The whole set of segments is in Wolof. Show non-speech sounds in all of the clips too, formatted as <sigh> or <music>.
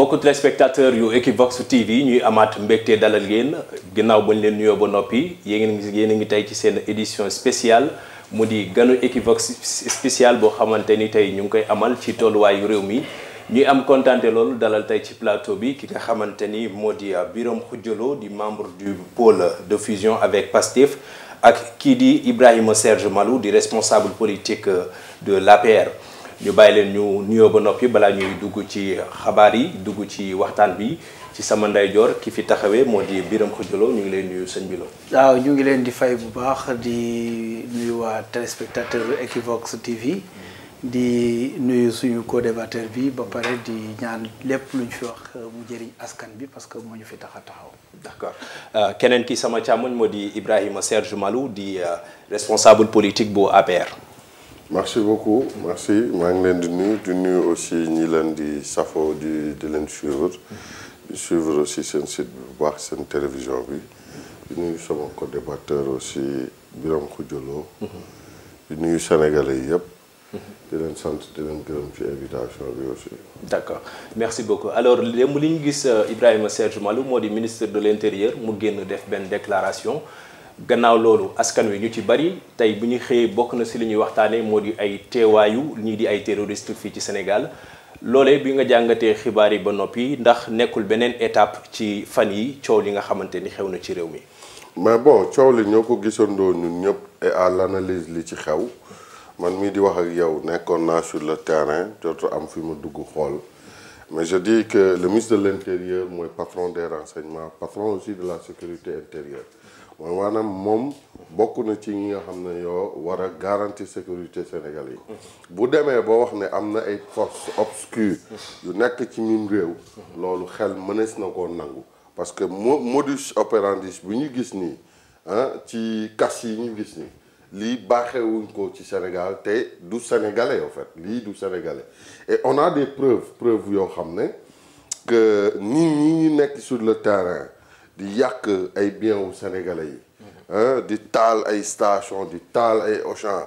mbokku téléspectateur yu Equivox TV ñuy amaat mbégte dalal yéen ginnaaw bañ leen nuyoo ba noppi yéen ngi yéen a ngi tey ci seen édition spéciale mu di ganu Equivox spéciale boo xamante ni tey ñu ngi koy amal ci tolluwaayu réew mi ñuy am kontaan loolu dalal tey ci plateau bi ki nga xamante ni moo di Birame Khoudialo di membre du pôle de fusion avec PASTEF ak kii di Ibrahima Serge Malou di responsable politique de l'APR ñu bàyyi leen ñu nuyoo ba noppi balaa ñuy dugg ci xabaar yi dugg ci waxtaan bi ci sama ndeyjoor ki fi taxawee moo di biram Khoudia ñu ngi leen nuyu sëñ bi waaw ñu ngi leen di fay bu baax di nuyu waa téléspectateur Equivox TV di nuyu suñu co bi ba pare di ñaan lépp luñ fi wax mu jëriñ askan bi parce que moo ñu fi tax a taxaw. d'accord euh, keneen ki sama càmmoñ moo di Ibrahima Serge Malou di euh, responsable politique bu APR. merci beaucoup merci maa ngi leen di nuyu di aussi ñi leen di safoo di di leen suivre di suivre aussi seen site bi bu baax seen télévision bi di nuyu sama co-débatteur aussi Birame Khoudiolo di nuyu sénégalais yi yëpp di leen sant di leen gërëm ci invitation bi aussi. d' accord merci beaucoup alors démb li ñu gis euh, Ibrahima Serge Malou moo di ministre de l' intérieur mu génn def benn déclaration gannaaw loolu askan wi ñu ci bari tey bu ñu xëyee bokk na si li ñuy waxtaanee moo di ay teewaayu ñii di ay terroriste fii ci Sénégal loole bi nga jàngatee xibaar yi ba noppi ndax nekkul beneen étape ci fan yi coow li nga xamante ni xew na ci réew mi. mais bon coow li ñoo ko gisandoo ñun ñëpp et à li ci xew man mii di wax ak yow nekkoon naa sur le terrain jot am fi mu dugg xool. mais je dis que le ministre de l'intérieur mooy patron des renseignements patron aussi de la sécurité intérieure mooy maanaam moom bokk na ci ñi nga xam ne yoo war a garantir sécurité Sénégal yi bu demee ba wax ne am na ay force obscure yu nekk ci mim réew loolu xel mënees na koo nangu parce que modus operandi bi ñu gis nii ah ci kas yi ñu gis nii lii baaxewuñ ko ci Sénégal te du sénégalais en fait lii du sénégalais et on a des preuves yoo xam ne que nit ñi ñu nekk sur le terrain di yàq ay bien wu sénégalais yi mm-hmm. di taal ay station di taal ay Auchan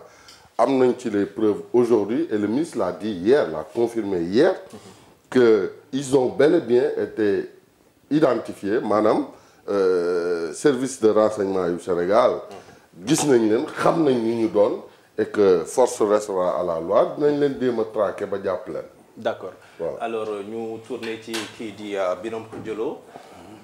am nañ ci les preuves aujourd'hui et le ministre l'a dit hier l'a confirmé hier mm-hmm. que ils ont bel et bien été identifiés maanaam euh, service de renseignement yu Sénégal mm-hmm. gis nañ leen xam nañ ñu ñu doon et que force restera à la loi dinañ leen déem a traqué ba jàpp leen d'accord alors euh, ñu tourner ci kii di euh, Birame Khoudia Lo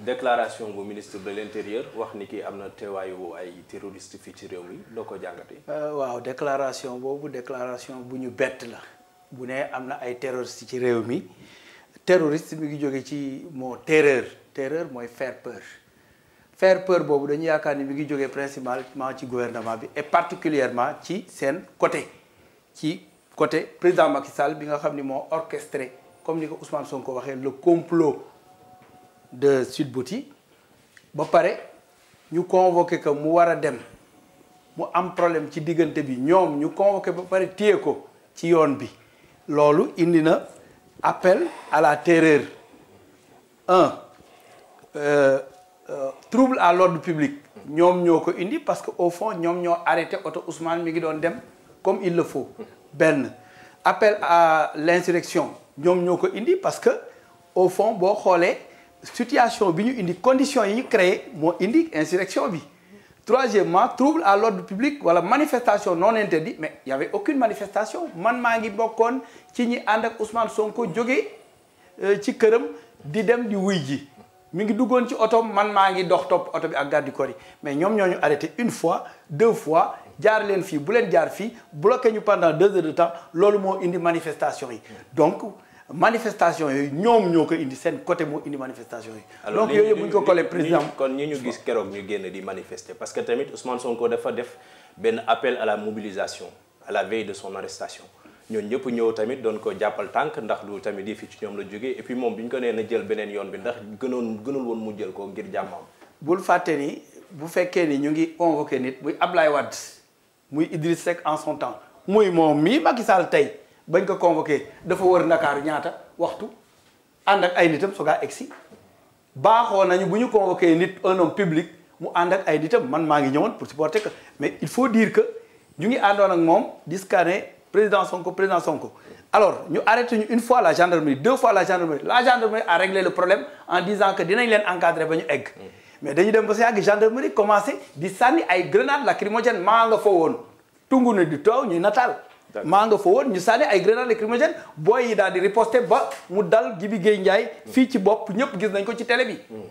déclaration bu ministre de l'intérieur wax ni kii am na teewaayu ay terroriste fii ci réew mi loo ko jàngatee. Euh, waaw déclaration boobu déclaration bu ñu bett la bu ne am na ay terroriste ci réew mi terroriste mi ngi jóge ci moo terreur terreur mooy faire peur faire peur boobu dañu yaakaar ni mi ngi jógee principalement ci gouvernement bi et particulièrement ci seen côté ci côté président Macky Sall bi nga xam ni moo orchestré comme ni ko Ousmane Sonko waxee le complot. de Sweet Beauty ba pare ñu convoqué ko mu war a dem mu am problème ci diggante bi ñoom ñu convoqué ba pare téye ko ci yoon bi loolu indi na appel à la terreur un euh, euh, trouble à l'ordre public ñoom ñoo ko indi parce que au fond ñoom ñoo arrêté oto Ousmane mi ngi doon dem comme il le faut benn appel à l'insurrection ñoom ñoo ko indi parce que au fonds boo xoolee situation bi ñu indi condition yi ñu créé moo indi insurrection bi troisièmement trouble à l'ordre public wala manifestation non interdite mais y avait aucune manifestation man maa ngi bokkoon ci ñi ànd ak Ousmane Sonko jógee euh, ci këram di dem di wuy ji mi ngi duggoon ci oto man maa ngi dox topp oto bi ak garde du yi mais ñoom ñoo ñu arrêté une fois deux fois jaar leen fii bu leen jaar fii bloqué ñu pendant deux heures de temps loolu moo indi manifestation yi donc manifestation yooyu ñoom ñoo ko indi seen côté moo indi manifestation yi. donc yooyu bu ñu ko collé président kon ñi ñu gis keroog ñu génn di manifester parce que tamit Ousmane Sonko dafa def benn appel à la mobilisation à la veille de son arrestation ñoon ñëpp ñëw tamit doon ko jàppal tànk ndax du tamit yi fi ci ñoom la jógee et puis moom bi ñu ko nee na jël beneen yoon bi ndax gënoon gënul woon mu jël ko ngir jàmmam. bul fàtte ni bu fekkee ni ñu ngi convoqué nit muy Ablaye Wade muy Idriss Seck en son temps muy moom mii Macky Sall tey. bañ ko convoqué dafa wër Ndakaaru ñaata waxtu ànd ak ay nitam soo gaa egsi baaxoo nañu bu ñu convoqué nit un homme public mu ànd ak ay nitam man maa ngi ñëwoon pour supporter que mais il faut dire que ñu ngi àndoon ak moom di scanner président Sonko président Sonko alors ñu arrêté ñu une fois la gendarmerie deux fois la gendarmerie la gendarmerie a réglé le problème en disant que dinañ leen encadrer ba ñu egg. mais dañu dem ba sa yàgg gendarmerie commencé di sànni ay grenades lacrymogènes maa na di toow maa nga fa ñu sànni ay grenades lacrymogènes booy yi daal di riposté ba mu dal Jibi Gueye fii ci bopp ñëpp gis nañ ko ci télé bi. Hmm.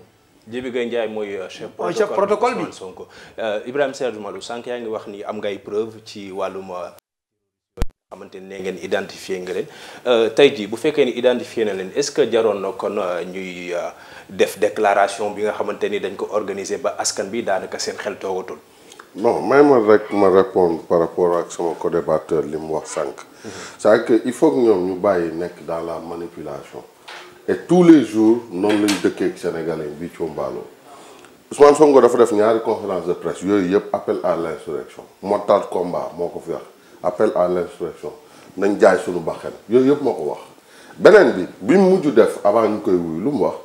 Jibi Gueye Ndiaye euh, mooy chef protocole protocole bi Sonko euh, Ibrahima Seydou Malou sànq yaa ngi wax nii am ngay preuve ci wàllum. Euh, xamante ne ngeen identifié nga leen tey jii bu fekkee ni identifié na leen est-ce que jaroon na kon ñuy def déclaration bi nga xamante ni dañ ko organiser ba askan bi daanaka seen xel toogatul. non may ma rek ma répondre par rapport ak sama co-débatteur li mu wax sànq. c'est-à-dire que il faut ñoom ñu bàyyi nekk dans la manipulation et tous les jours noonu lañu dëkkee ak sénégalais bi combaaloo Ousmane Sonko dafa def ñaari conférence de presse yooyu yëpp appel à l'insurrection mortal combat moo ko fi wax appel à l'insurrection nañ jaay suñu bakkan yooyu yëpp moo ko wax beneen bi bi mu mujj def avant ñu koy wuyu lu mu wax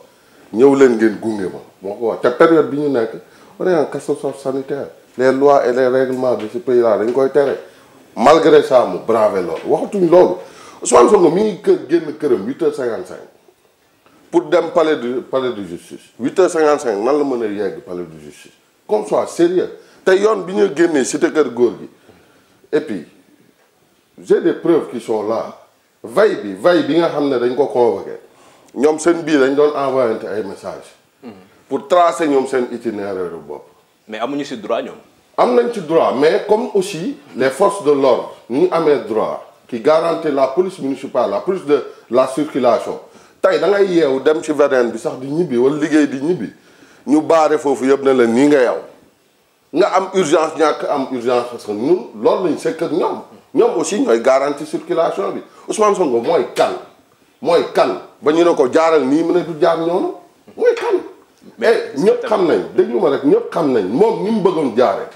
ñëw leen ngeen gunge ma moo ko wax période bi ñu nekk on les lois et les règlements de ce pays dañ koy tere malgré ça mu bravé loolu waxatuñ loolu Ousmane Sonko mi ngi kë génn këram 8h55 pour dem palais de palais de justice 8 h cinq nan la mën a yegg palais de justice comme soit sérieux te yoon bi ñu génnee cité kër góor gi et puis j'ai des preuves qui sont là veille bi veille bi nga xam ne dañ ko convoqué ñoom seen biir dañ doon envoyante ay messages. Mm-hmm. pour tracer ñoom seen itinéraire bo mais amuñu si droit ñoom. am nañ ci droit mais comme aussi les forces de l'ordre ñu amee droit qui garantit la police municipale la police de la circulation tey da ngay yeewu dem ci VDN bi sax di ñibbi wala liggéey di ñibbi ñu baare foofu yëpp ne la nii nga yow nga am urgence ñàkk am urgence parce nu ñun loolu lañ sekk ak ñoom ñoom aussi ñooy garantie circulation bi Ousmane Sonko mooy kan mooy kan ba ñu ne ko jaaral nii mu ne du jaar ñoonu mooy kan mais eh, ñëpp xam nañ déglu ma rek ñëpp xam nañ moom ni mu bëggoon jaare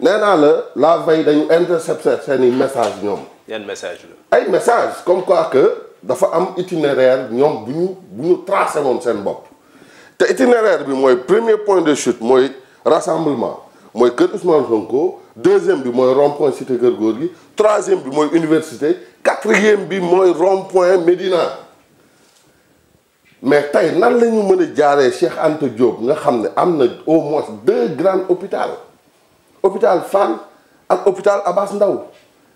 nee naa la la veille dañu intercepté seen i message ñoom. yan message la. ay message comme quoi que dafa am itinéraire ñoom bu ñu bu ñu tracé woon seen bopp te itinéraire bi mooy premier point de chute mooy rassamblement mooy kër Ousmane Sonko deuxième bi mooy rond-point cité kër góor gi troisième bi mooy université quatrième bi mooy rond-point mais tey nan lañu ñu mën a jaaree Cheikh Anta Diop nga xam ne am na au moins deux grands hôpitaux hôpital Fann ak hôpital Abass Ndao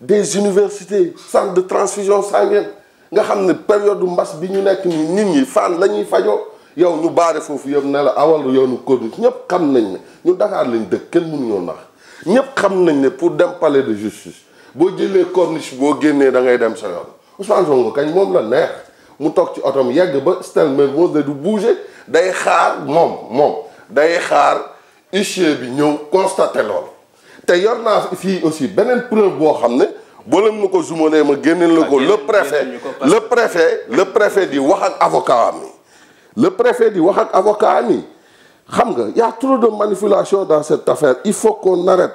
des universités sante de transfusion sanguine nga xam ne période mbas bi ñu nekk nii nit ñi Fann la ñuy fajoo yow ñu baare foofu yëpp ne la awal yoonu Corniche ñëpp xam nañ ne ñu Dakar lañ dëkk mu mënuñoo nax ñëpp xam nañ ne pour dem palais de justice boo jëlee Corniche boo génnee da ngay dem sa yoon Ousmane Sonko kañ moom la neex. mu toog ci oto mu yàgg ba Stelmenwos da du bouger day xaar moom moom day xaar huissier bi ñëw constaté lool. te yor naa fii aussi beneen preuve boo xam ne boo leen ma ko zumalee ma génneel la ko ah, le préfet le préfet le préfet di wax ak avocat am yi le préfet di wax ak xam nga y a trop de manipulation dans cette affaire il faut qu'on arrête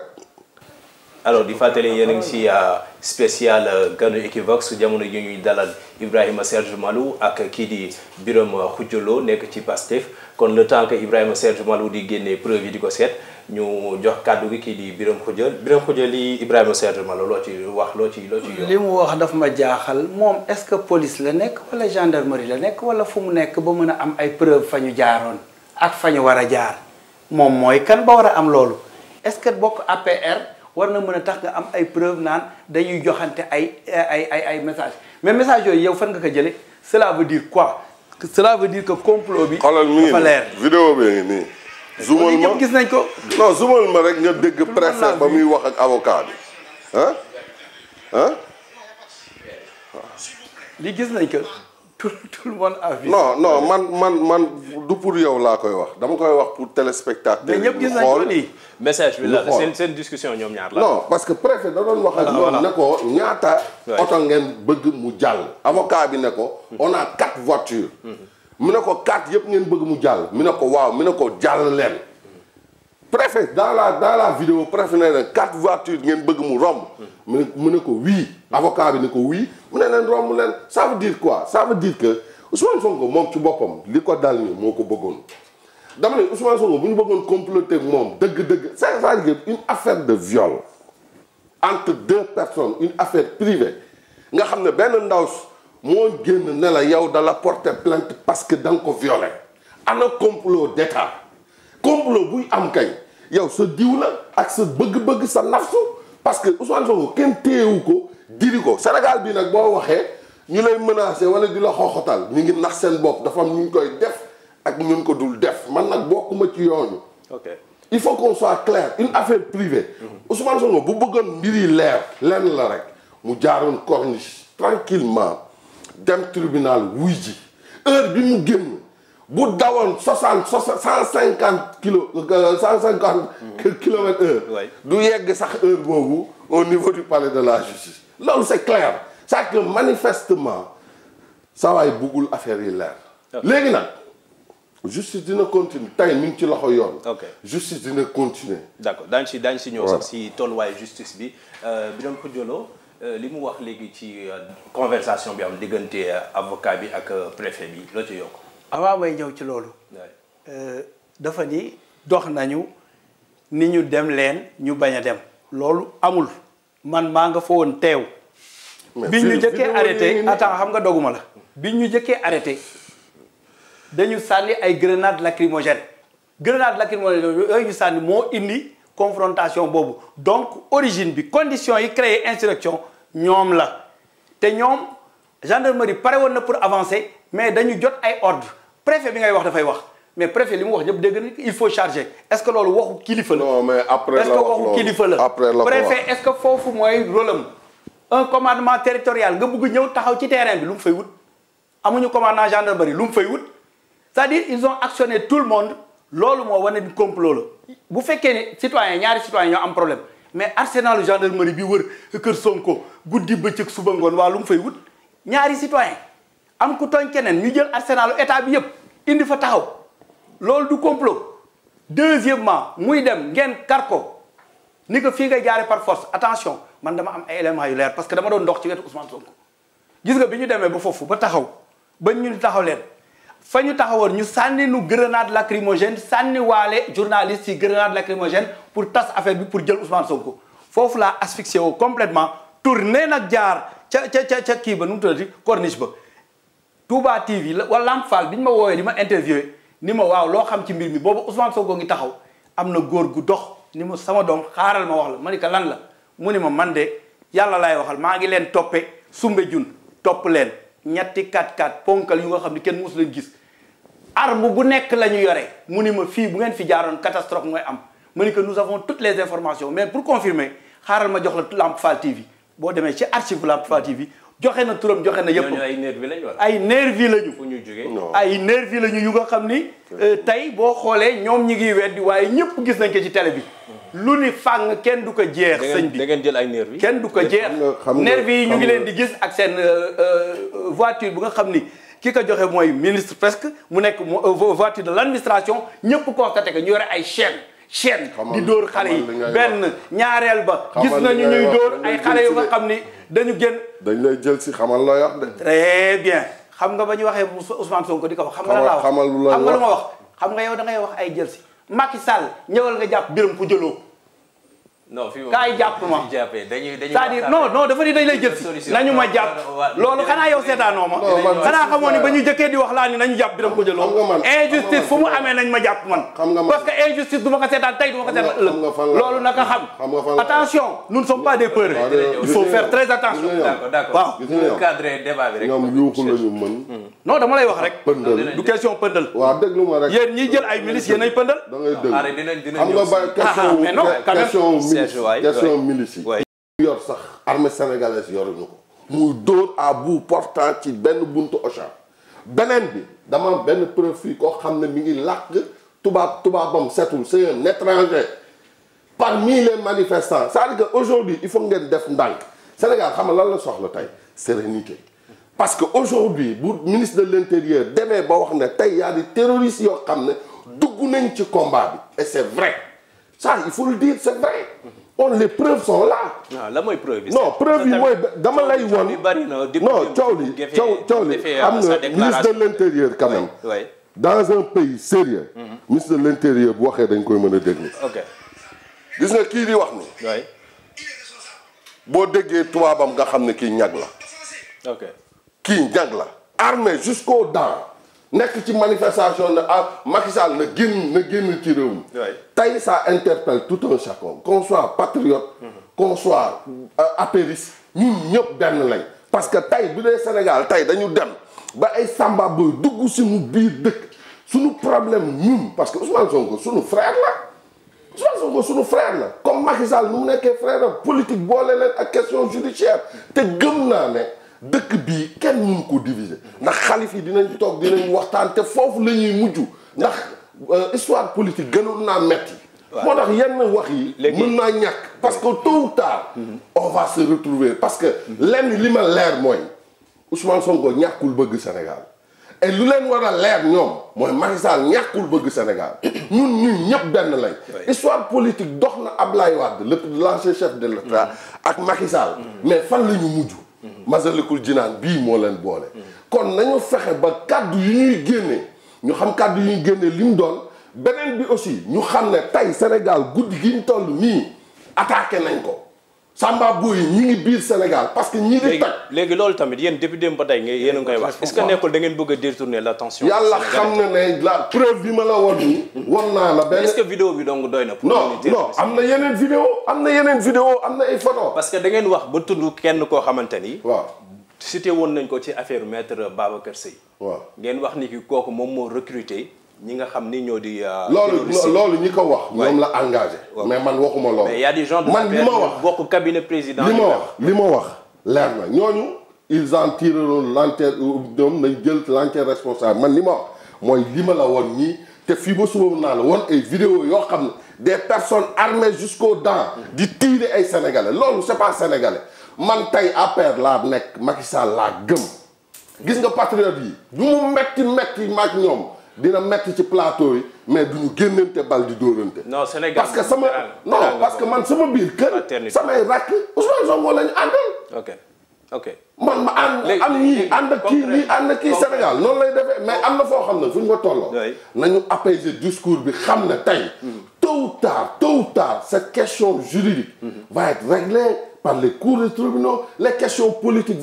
alors di fàttali yéen a ngi si euh, spécial euh, ganu Equivox jamono ji ñuy dalal Ibrahima Serge Malou ak kii di Birame Khoudia nekk ci Pastef kon le temps Ibrahima Serge Malou di génnee preuve yi di ko seet ñu jox kàddu gi kii di biram Khoudia Birame Khoudia li Ibrahima Serge Malou loo ci wax loo ci loo ci. li mu wax dafa ma jaaxal moom est-ce que police la nekk wala gendarmerie la nekk wala fu mu nekk ba mën a am ay preuve fa ñu jaaroon ak fa ñu war a jaar moom mooy kan ba war a am loolu est-ce que bokk APR. war na mën a tax nga am ay preuve naan dañuy joxante ay ay ay ay message mais message yooyu yow fan nga ko jële cela veut dire quoi cela veut dire que complot bi dafa leer vidéo bi ngi nii zoomal ma ñëpp gis nañ ko non zoomal ma rek nga dégg préfet ba muy wax ak avocat bi ah li gis nañ ko tout tout man man man du pour yow laa koy wax dama koy wax pour téléspectateur yi. ñëpp gis nañ ko message bi la seen seen ñoom ñaar la. non parce que préfet da doon wax ak ñoom ne ko ñaata. oto ngeen bëgg mu jàll. avocat bi ne ko. Mhm. on a quatre voitures. Mhm. mu ne ko quatre yëpp ngeen bëgg mu jàll. mu ne ko waaw mu ne ko jàll leen. préfet dans la dans la vidéo préfet nee na quatre voitures ngeen bëgg mu romb. Hmm. mu ne mu ne ko wii avocat bi ne ko wii mu ne leen romb leen ça veut dire quoi ça veut dire que Ousmane Sonko moom ci boppam li ko dal ni moo ko bëggoon. dama ne Ousmane Sonko bu ñu bëggoon comploter ak moom dëgg-dëgg c'est-à-dire une affaire de viol entre deux personnes une affaire privée nga xam ne benn ndaw moo génn ne la yow dala porter plainte parce que da nga ko violé ana complot complot buy am kay yow sa diw la ak sa bëgg-bëgg sa nafsu parce que Ousmane Sonko kenn téyewu ko diri ko Sénégal bi nag boo waxee ñu lay menacer wala di la xooxatal ñu ngi nax seen bopp dafa mu ñu koy def ak ñun ko dul def man nag bokkuma ci yoonu. ok il faut qu'on soit clair une affaire privée. Mhm. Ousmane Sonko bu bëggoon mbir yi leer. lenn la rek mu jaaroon corniche tranquillement dem tribunal wuy ji heure bi mu génn. bu dawoon soixante cent cinquante kilo euh, cent cinquante kilomètres heure du yegg sax heure boobu au niveau du pale de la justice loolu c'est clair c'est que manifestement saa waay buggul affaire yi leer léegi nag justice dina continuer tey mi ngi ci loxo yoon. ok justice dina continuer. d'accord daañu si daañu si ñëw sax si tolluwaayu justice bi euh, Birame Khoudia Lo euh, li mu wax léegi ci conversation bi am diggante avocat bi ak préfet bi loo ci yokku avant may ñëw ci loolu euh, dafa ni dox nañu ni ñu dem leen ñu bañ a dem loolu amul man maa nga fa woon teew bi ñu jëkkee arrêté attends xam nga doguma la bi ñu jëkkee arrêté dañu sànni ay grenade lacrymogène grenade lacrymogène yooyu ñu sànni moo indi confrontation boobu donc origine bi condition yi créer insurrection ñoom la te ñoom gendarmerie pare woon na pour avancer mais dañu jot ay ordre préfet bi ngay wax dafay wax mais préfet li mu wax ñëpp dégg nañ il faut charger est-ce que loolu waxu kilifa la. non est-ce que foofu mooy rôle am un commandement territorial nga bëgg ñëw taxaw ci terrain bi lu mu fay wut. amuñu commandant gendarmerie lu mu fay wut c'est-à-dire ils ont actionné tout le monde loolu moo wane ni complot la bu fekkee ne citoyen ñaari citoyen ñoo am problème mais arsenal gendarmerie bi wër kër Sonko guddi bëccëg suba ngoon waa lu mu fay wut ñaari citoyen am ku tooñ keneen ñu jël arsenalu état bi yëpp. indi fa taxaw loolu du complot deuxièmement muy dem ngeen kar ko ni ko fii ngay jaare par force attention man dama am ay éléments yu leer parce que dama doon dox ci wetu Ousmane Sonko gis nga bi ñu demee ba foofu ba taxaw ba ñu taxaw leen fa ñu taxawoon ñu sànni nu grenade lacrymogène sànni waale journaliste yi grenade lacrymogène pour tas affaire bi pour jël Ousmane Sonko foofu laa asphyxié woo complètement tourné nag jaar ca ca ca kii ba nu mu tuddati corniche Touba TV la wala Lamp Fall bi ñu ma woowee di ma interviewé ni ma waaw loo xam ci mbir mi boobu Ousmane Sonko ngi taxaw am na góor gu dox ni ma sama doom xaaral ma wax la ma ni ko lan la mu ni ma man de yàlla laay waxal maa ngi leen toppee sumbe jun topp leen ñetti kat kat ponkal yu nga xam ne kenn mosu leen gis arme bu nekk la ñu yore mu ni ma fii bu ngeen fi jaaroon catastrophe mooy am ma ni que nous avons toutes les informations mais pour confirmer xaaral ma jox la Lamp Fall TV boo demee ci archive Lamp Fall joxe na trop joxe na yëpp ay nervi lañu ay nervi lañu fu ñu jógee ay nervi lañu yu nga xam ni euh, tey boo xoolee ñoom ñi ngi weddi waaye ñëpp gis nañ ko ci tele bi mm-hmm. lu ni fàng kenn du ko jeex sëñ bi da ngeen jël ay nervi kenn du ko jeex nervi yi ñu ngi leen di gis ak seen euh, euh, voiture bu nga xam ni ki ko joxe mooy ministre presque mu nekk voiture de l'administration ñëpp constaté que ñu yore ay chaîne chaîne di dóor xale yi benn ñaareel ba gis nañu ñuy dóor ay xale yu nga xam ni dañu génn dañ lay jël si xamal looy wax de très bien xam nga ba ñu waxee Ousmane Sonko di ko xam nga la wax xam nga lu ma wax xam nga yow da ngay wax ay jël si Macky Sall ñëwal nga jàpp biram ku jëloo non fii moom kaay jàpp ma cest dafa ni dañ lay jël nañu ma jàpp loolu xanaa yow seetaanoo xanaa xamoon ni ba ñu jëkkee di wax laa ni nañu jàpp bi dama ko jëloo injustice fu mu xam attention nous ne sommes pas des il faut faire très attention waaw cadre yuuxu lañu mën hmm. non dama lay wax rek pëndal du question pëndal waaw déglu jël ay milices yéen ay pëndal da ngay dégg question ah, ah, ah, question gestion milice yi ñu yor sax armée sénégalaise yoruñu ko muy dóor à bout portant ci benn buntu Auchan beneen bi dama benn preuve koo xam ne mi ngi làkk tubaab tubaabam setul c'est un étranger parmi les manifestants c'est-à-dire que aujourd'hui il faut ngeen def ndànk Sénégal xam nga lan la soxla tey sérénité parce que aujourd'hui bu ministre de l'intérieur demee ba wax ne tey yaa di terroristes yoo xam ne dugg nañ ci combat bi et c'est vrai ça il faut le dire c' est vrai on les preuves sont là. non la mooy preuve yi. non preuve yi mooy dama lay woon non coow li coow li am na ministre de l' intérieur quand même. oui dans un pays sérieux mhm. ministre de l' intérieur bu waxee dañ koy mën a déglu. ok gis nga kii di wax ni. oui. boo déggee tubaabam nga xam ne kii ñag la. ok kii ñag la. armé jusqu'aux dents. nekk ci manifestation na ah Macky Sall na génn na génn ci réew mi tey ça interpelle tout un chacun qu'on soit patriote mhm. qu'on soit euh, apériste ñëpp benn lañ parce que tey bu dee Sénégal tey dañu dem ba ay Samba Boy dugg suñu biir dëkk suñu problème ñun parce que Ousmane Sonko suñu frère la Ousmane Sonko suñu frère la comme Macky Sall nu mu nekkee frère la politique boole leen ak question judiciaire te gëm naa ne dëkk bii kenn mënu ko diviser ndax xalif yi dinañ toog dinañ waxtaan te foofu la ñuy mujj ndax euh, histoire politique gënoon naa metti moo tax yenn wax yi mën naa ñàkk parce que tôt ou tard mhm. on se retrouver parce que lenn li ma leer mooy Ousmane Sonko ñàkkul bëgg Sénégal et lu leen war a leer ñoom mooy Macky Sall ñàkkul bëgg Sénégal <coughs> ñun ñun ñëpp benn lañ histoire politique dox na ab Ablaye Wade le l'ancien chef de l'État mm. ak Macky mm. mais fan la ñu mujj Masalikul Jinaan bii moo leen boole. kon nañu fexe ba kàddu yi ñuy génnee ñu xam kàddu yi ñuy génnee li mu doon beneen bi aussi ñu xam ne tey Sénégal guddi gi ñu toll nii attaqué nañ ko. Samba Boye ñi ngi biir Sénégal parce que ñi di tag léegi loolu tamit yéen depuis démb ba tey yéen a ngi koy wax est-ce que nekkul da ngeen bëgg a détourner l'attention yàlla xam na ne la preuve bi ma la woon nii woon naa la benn est que vidéo bi donc doy na pour non no am na yeneen vidéo am na yeneen vidéo am na ay photo parce que da ngeen wax ba tudd kenn koo xamante ni waaw cité woon nañ ko ci affaire maître Babacar Seye waaw ngeen wax ni ki kooku moom moo recruté ñi nga xam ni ñoo di. Euh, loolu loolu ñi ko wax. ñoom la engagé. mais man waxuma loolu. mais y a des de man li ma wax bokk cabinet président. li ma wax li ma wax leer na ñooñu. ils en tireront l'entière ñoom nañ jël l'entière responsable man li ma wax mooy li ma la woon ñii te fii ba suba naa la woon ay vidéo yoo xam ne des personnes armées jusqu'aux dents di tiire ay sénégalais loolu c'est pas sénégalais man tey APR laa nekk Macky Sall laa gëm gis nga patriote yi du mu metti metti maag ñoom dina metti ci plateau yi mais duñu génnante bal di dóorante. non Sénégal parce que sama non parce que man sama biir kër. samay rakk Ousmane Sonko la ñu àndal. ok man ma ànd am ñii ànd ak kii ñii ànd ak kii Sénégal noon lay defee mais am na foo xam ne fu ñu ko tolloo. nañu apaiser discours bi xam ne tey. Mm-hmm. tôt ou tard tôt question juridique. Mm-hmm. va être réglée. par les cours des tribunaux les questions politiques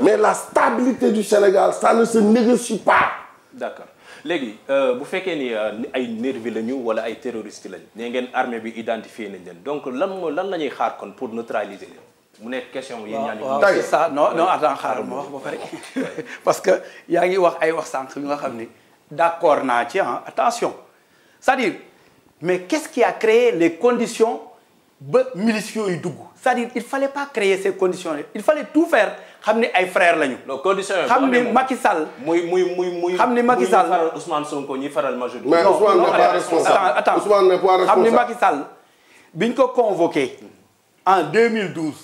mais la stabilité du Sénégal ça ne se négocie pas. D'accord. léegi euh, bu fekkee ni euh, ay nervi lañu wala ay terroriste lañu. nee ngeen armée bi identifié nañ leen donc lan mooy lan la ñuy xaar kon pour neutraliser leen. mu nekk question yéen ñaar waaw c'est ça non non attends xaaral ma wax pare <laughs> parce que yaa ngi wax ay wax sànq yu nga xam ni d'accord naa ci ah attention cest dire mais qu'est-ce qui a créé les conditions ba milices yu dugg c'est-à-dire il fallait pas créer ces conditions là il fallait tout faire. xam ni ay frère lañu. donc condition xam ni Macky Sall. muy muy muy muy xam ni Macky Sall faral Ousmane Sonko ñi faral majorité. mais Ousmane n'est pas responsable attends Ousmane n'est pas responsable xam ni Macky Sall biñ ko convoqué en 2012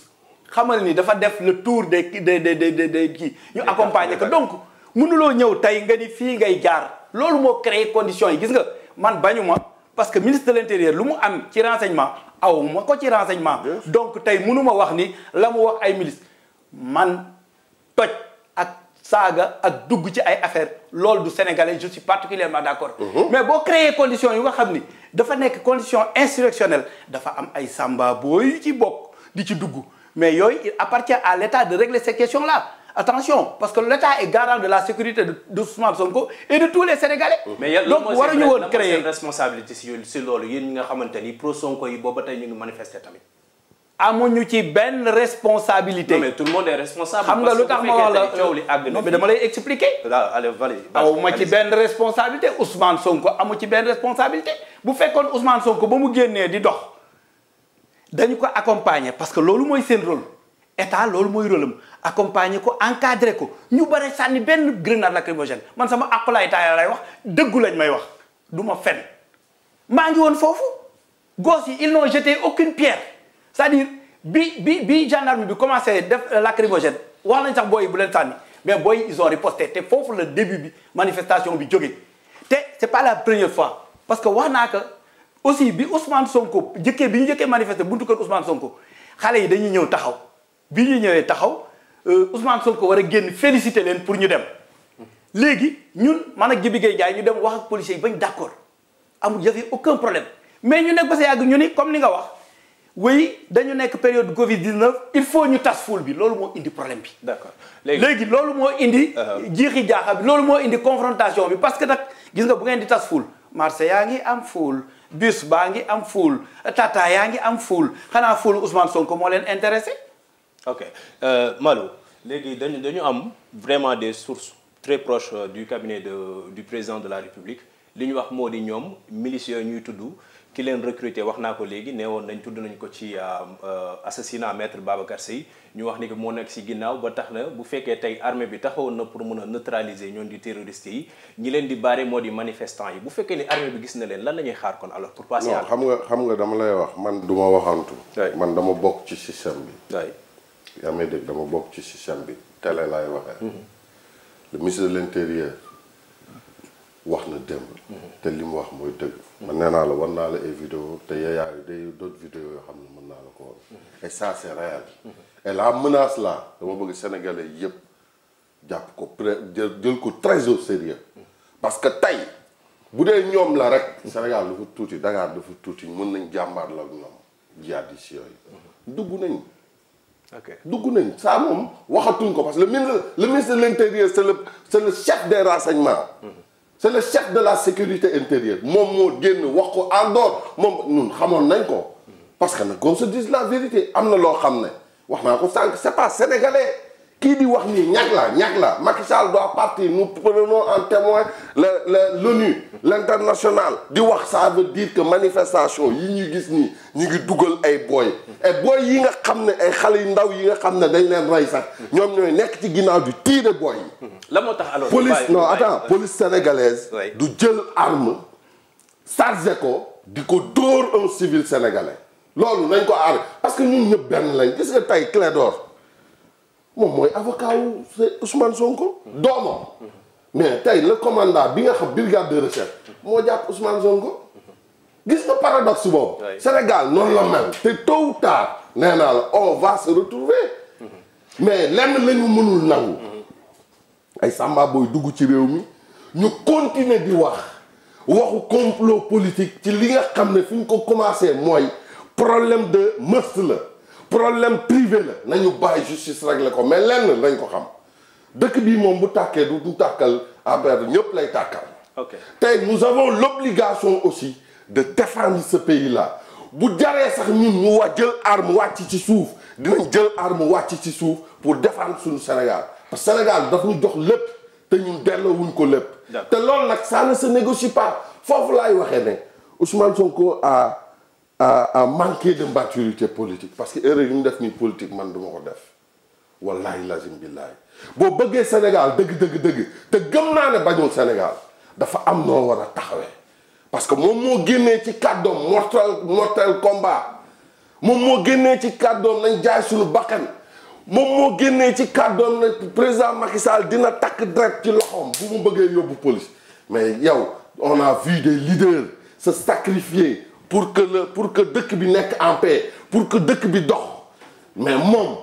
xamal ni dafa def le tour de des des des des kii ñu accompagner ko donc mënuloo ñëw tey nga ni fii ngay jaar loolu moo créé condition yi gis nga man bañu ma parce que ministre de l'intérieur lu mu am ci renseignement aw ma ko ci renseignement donc tey mënuma wax ni la mu wax ay ministre man toj ak saaga ak dugg ci ay affaire loolu du sénégalais je suis particulièrement d'accord mhm. mais boo créer condition yu nga xam ni dafa nekk condition insurrectionnelle dafa am ay samba boo yu ci bokk di ci dugg mais yooy il appartient à l'État de régler ces questions là attention parce que l'État est garant de la sécurité de d'Ousmane Sonko et de tous les Sénégalais. Mhm. mais yàlla donc woon créer responsabilité si loolu yéen nga xamante ni pour Sonko yi booba tey ñu ngi manifester tamit. amuñu ci benn responsabilité. non mais tout le monde est responsable. lu tax ma wax la coow li àgg na mais dama lay expliquer. Ah, aw ma ci benn responsabilité Ousmane ko amu ci benn responsabilité bu fekkoon Ousmane ko ba mu génnee di dox dañu ko accompagner parce que loolu mooy seen rôle état loolu mooy rôle am accompagner ko encadrer ko ñu bari sànni benn grenade lacrymogène man sama àqulaay taay lay wax dëggu lañ may wax du ma fen maa ngi woon foofu gos yi ils n'ont jeté aucune c'est-à-dire bi bi bi gendarme bi commencé def lacrymogène wax nañ sax booy bu leen sànni mais booy ils ont riposté te foofu la début bi manifestation bi jógee te c'est pas la première fois parce que wax naa que aussi bi Ousmane Sonko jëkkee bi ñu jëkkee manifester buntu ko Ousmane Sonko xale yi dañuy ñëw taxaw bi ñu ñëwee taxaw euh, Ousmane Sonko war a génn féliciter leen pour ñu dem. léegi ñun man a Jibi Gueye Ndiaye ñu dem wax ak policier yi bañ d'accord amul jafe aucun problème mais ñu nekk ba yàgg ñu ni comme ni nga wax. oui dañu nekk période Covid 19 il faut ñu tas foule bi loolu moo indi problème bi. d'accord léegi loolu moo indi. Uh-huh. jiixi jaaxa bi loolu moo indi confrontation bi parce que nag gis nga bu ngeen di tas foule marché yaa ngi am foule bus baa ngi am foule tata yaa ngi am foule xanaa foule Ousmane Sonko moo leen intéressé. ok euh, Malo léegi dañu dañu am vraiment des sources très proches euh, du cabinet de du président de la République li ñu wax moo di ñoom milices ñuy tudd. ki leen recruter wax naa ko léegi nee woon nañ tudd nañ ko ci euh, euh, assassinat metre Babacar Seye ñu wax ni que moo nekk si ginnaaw ba tax na bu fekkee tey armée bi taxawoon na pour mën a neutraliser ñoon di terroriste yi ñi leen di baare moo di manifestant yi bu fekkee ni armée bi gis na leen lan la ñuy xaar kon alors pour passer non xam nga xam nga dama lay wax man du ma waxantu man dama bokk ci système bi waay yaa may dama bokk ci système bi télé laay waxee mm-hmm. le ministre de l'intérieur wax na démb te li wax mooy dëgg man nee naa la war naa la ay vidéo te yayaayu day d'autres vidéos yoo xam ne mën naa la ko woon et ça c'est réel et la menace là dama bëgg sénégalais yëpp jàpp ko pré jël ko très au sérieux parce que tey bu dee ñoom la rek Sénégal dafa tuuti Dakar dafa tuuti mën nañ jàmbaar la ak ñoom jihadistes yooyu dugg nañ ok dugg nañ saa moom waxatuñ ko parce que le ministre le ministre de l'intérieur c'est le c'est le chef des renseignements c'est le chef de la sécurité intérieure moom moo génn wax ko en dehors moom xamoon nañ ko parce que nag qu'on se dise la vérité am na loo xam ne wax naa ko sànq c'est pas sénégalais kii di wax nii ñàkk la ñàkk la Macky Sall doit partir nous prenons la la le le l'ONU l'international di wax ça veut dire que manifestation yi ñuy gis nii ñu ngi dugal ay booy ay booy yi nga xam ne ay xale yu ndaw yi nga xam ne dañ leen rey sax ñoom ñooy nekk ci ginnaaw di tiire booy yi la tax alors police non attends police sénégalaise du jël arme chargé ko di ko dóor am civil sénégalais loolu nañ ko aar parce que ñun ñëpp benn lañ gis nga tey Clédor moom mooy avocat wu Ousmane Sonko. doomam. mais tey la commandant bi nga xam brigade de recherche moo jàpp Ousmane Sonko. gis nga paradoxe boobu. Sénégal noonu la mel. te tôt ou tard nee naa la on se retrouver mais lenn la mënul nangu. ay Samba booy dugg ci réew mi ñu continuer di wax waxu complot politique ci li nga xam ne fi ñu ko commencé mooy problème de mœurs la. problème privé la nañu bàyyi justice réglé ko mais lenn dañ ko xam dëkk bii moom bu tàkkee du du tàkkal affaire ñëpp lay tàkkal. ok tey nous avons l'obligation aussi de défendre ce pays là bu jaree sax ñun ñu wa jël mu wàcc ci suuf dinañ jël aar mu wàcc ci suuf pour defaan suñu Sénégal parce Sénégal daf ñu jox lépp te ñun delloowuñ ko lépp. te loolu nag ça ne se négocie pas foofu laay waxee ne Ousmane Sonko a. à à manquer de maturité politique parce que erreur yi mu def nii politique man du ma ko def wallahi lazim billahi boo bëggee Sénégal dëgg dëgg dëgg te gëm naa ne bañul Sénégal dafa am noo war a taxawee parce que moom moo génnee ci kàddoom mortel mortel combat moom moo génnee ci kàddoom nañ jaay suñu bakkan moom génnee ci kàddoom na président Macky Sall dina takk deret ci loxoom bu mu bëggee yóbbu police mais yow on a vu des leaders se sacrifier pour que le pour que dëkk bi nekk en pour que dëkk bi dox mais moom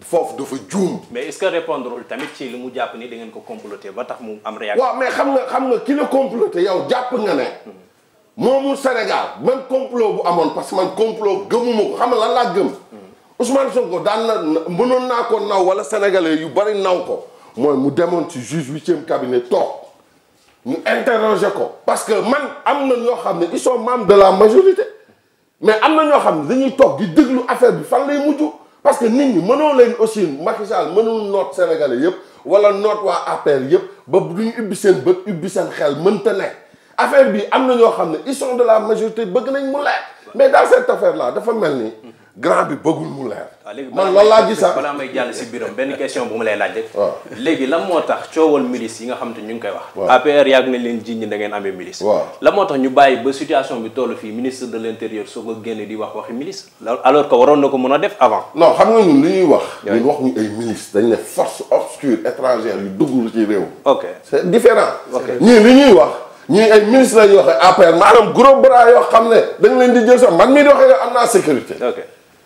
foofu dafa juum. mais est-ce que répondre tamit ci lu mu jàpp nii da ngeen ko comploter ba tax mu am réaction. waaw mais xam nga xam nga ki la comploter yow jàpp nga ne. moomul Sénégal même complot bu amoon parce que man complot gëmuma ko xam nga lan laa gëm. Ousmane Sonko daan na mënoon naa ko naw wala sénégalais yu bari naw ko mooy mu demoon ci juge huitième cabinet toog. ñu interroger ko parce que man am na ñoo xam ne ils sont membres de la majorité mais am na ñoo xam ne dañuy toog di déglu affaire bi fan lay mujj parce que nit ñi mënoo leen aussi Macky mënul noot sénégalais yëpp wala noot waa APR yëpp ba du ñu ibbi seen bët ubbi seen xel mënta ne affaire bi am na ñoo xam ne ils sont de la majorité bëgg nañ mu leer mais dans cette affaire là dafa mel ni. grand bi bëggul mu leer. man loolu laa gis balaa may jàll si biiram benn question bu mu lay laaj rek. waaw léegi lan moo tax coowal milice yi nga xam te ñu ngi koy wax. APR yàgg nañ leen jiñ da ngeen amee milice. waaw lan moo tax ñu bàyyi ba situation bi toll fii ministre de l' intérieur soo ko génne di wax waxi milice. alors que waroon na ko mën a def avant. non xam nga ñun ñuy wax. ñun wax ñu ay milice dañ ne force obscure étrangère yu dugg ci réew. ñuy wax. la ñuy wax APR maanaam gros bras yoo xam ne dañ leen di jël sax man mii di wax